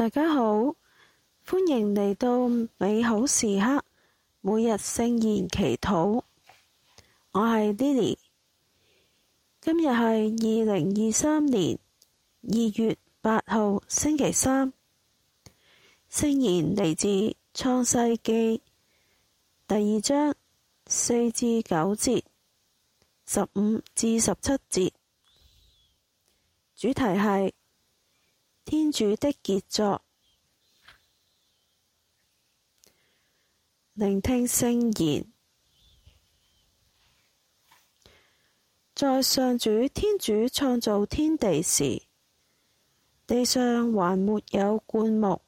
大家好，歡迎嚟到美好時刻，每日聖言祈禱。我係 Lily。今日係二零二三年二月八號星期三，聖言嚟自創世紀第二章四至九節，十五至十七節，主題係，天主的傑作，聆聽聖言。在上主天主創造天地時，地上還沒有灌木，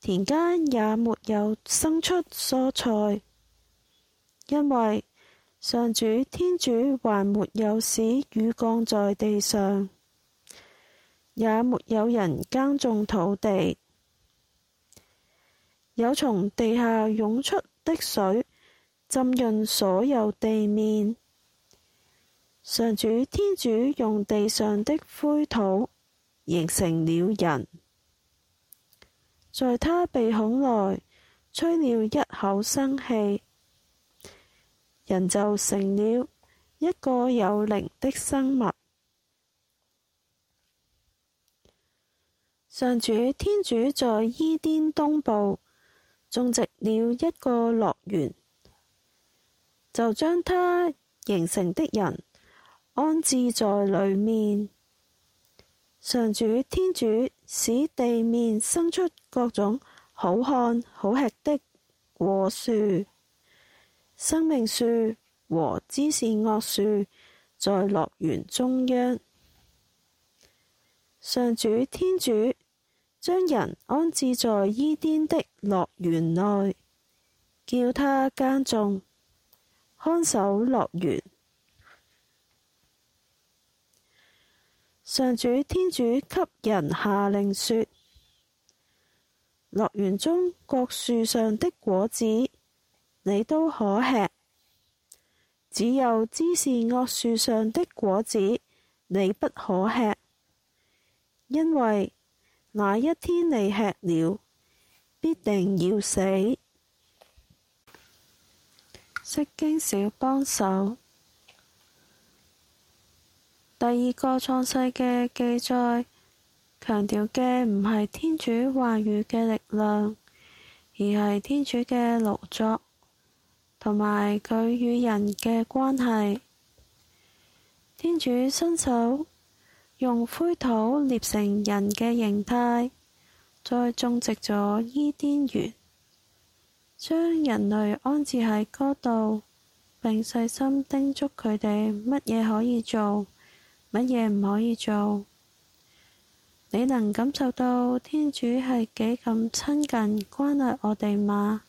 田間也沒有生出蔬菜，因為上主天主還沒有使雨降在地上。也沒有人耕種土地，有從地下湧出的水浸潤所有地面。上主天主用地上的灰土形成了人，在他鼻孔內吹了一口生氣，人就成了一個有靈的生物。上主天主在伊甸東部種植了一個樂園，就將他形成的人安置在裏面。上主天主使地面生出各種好看、好吃的果樹、生命樹和知善惡樹，在樂園中央。上主天主。將人安置在伊甸的樂園內，叫他耕種，看守樂園。上主天主給人下令說：樂園中各樹上的果子，你都可吃；只有知善惡樹上的果子，你不可吃，因為。那一天你吃了，必定要死。釋經小幫手，第二個創世嘅記載強調嘅唔係天主話語嘅力量，而係天主嘅勞作同埋佢與人嘅關係。天主親手，用灰土捏成人嘅形態，再種植咗伊甸園，將人類安置喺嗰度，並細心叮囑佢哋乜嘢可以做，乜嘢唔可以做。你能感受到天主係幾咁親近關愛我哋嗎？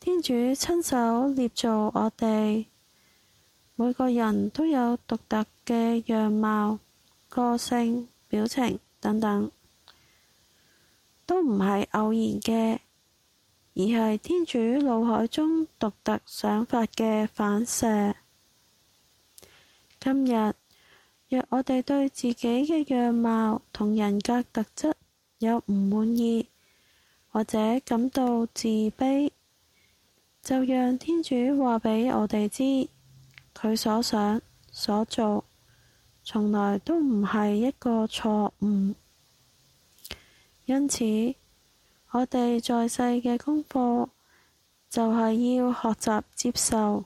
天主親手捏造我哋。每個人都有獨特嘅樣貌、個性、表情等等，都唔係偶然嘅，而係天主腦海中獨特想法嘅反射。今日，若我哋對自己嘅樣貌同人格特質有唔滿意，或者感到自卑，就讓天主話畀我哋知。佢所想所做，從來都唔係一個錯誤。因此，我哋在世嘅功課就係要學習接受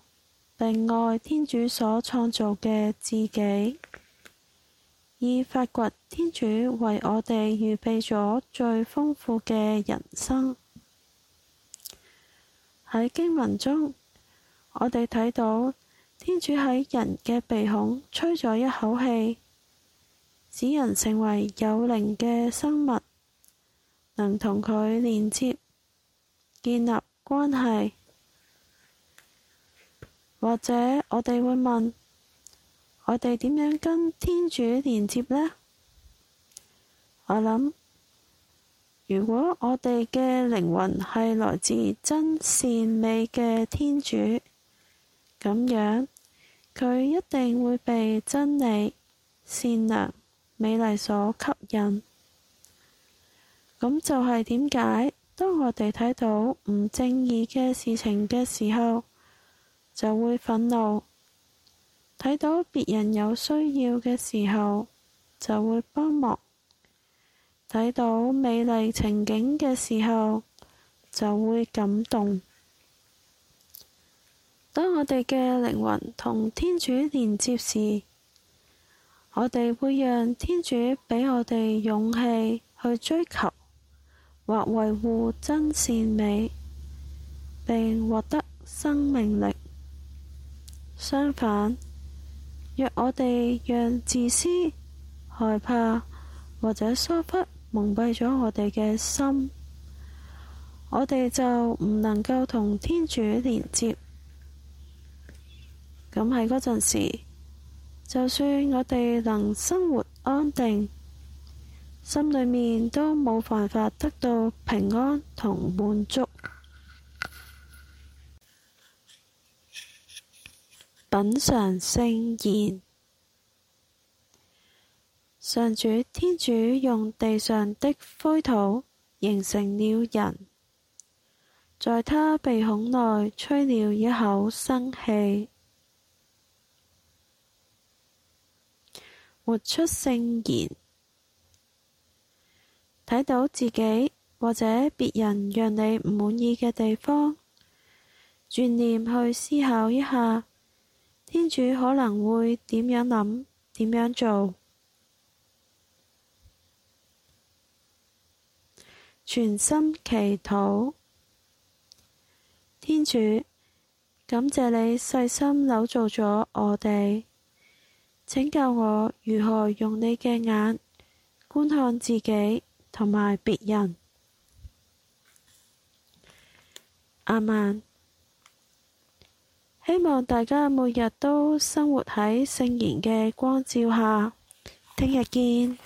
並愛天主所創造嘅自己，以發掘天主為我哋預備咗最豐富嘅人生。喺經文中，我哋睇到。天主喺人嘅鼻孔吹咗一口氣，使人成為有靈嘅生物，能同佢連接、建立關係。或者我哋會問：我哋點樣跟天主連接呢？我諗，如果我哋嘅靈魂係來自真善美嘅天主，咁樣。佢一定會被真理、善良、美麗所吸引，咁就係點解當我哋睇到唔正義嘅事情嘅時候就會憤怒，睇到別人有需要嘅時候就會幫忙，睇到美麗情景嘅時候就會感動。當我哋嘅靈魂同天主連接時，我哋會讓天主畀我哋勇氣去追求或維護真善美，並獲得生命力。相反，若我哋讓自私、害怕或者疏忽蒙蔽咗我哋嘅心，我哋就唔能夠同天主連接。咁喺嗰陣時，就算我哋能生活安定，心裏面都冇辦法得到平安同滿足。品嚐聖言，上主天主用地上的灰土形成了人，在他鼻孔內吹了一口生氣。活出聖言，睇到自己或者別人讓你唔滿意嘅地方，轉念去思考一下，天主可能會點樣諗，點樣做？全心祈禱，天主，感謝你細心扭造咗我哋。請教我如何用祢嘅眼觀看自己同埋別人，阿曼。希望大家每日都生活喺聖言嘅光照下。聽日見。